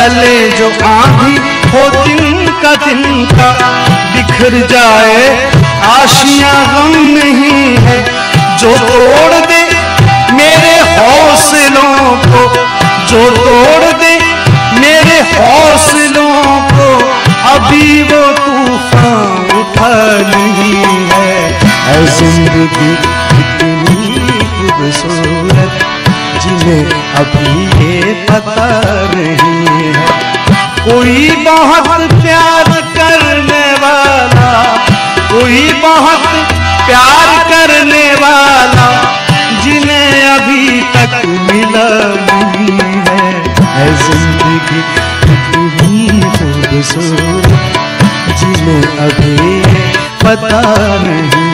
चले जो आधी हो दिन का दिन का बिखर जाए आशिया गम नहीं है जो तोड़ दे मेरे हौसलों को जो तोड़ दे मेरे हौसलों को अभी वो तूफान उठा नहीं है जिंदगी कितनी खूबसूरत जिन्हें अभी ये पता नहीं कोई बहुत प्यार करने वाला कोई बहुत प्यार करने वाला जिन्हें अभी तक मिला नहीं है जिंदगी कितनी खूबसूरत जिन्हें अभी पता नहीं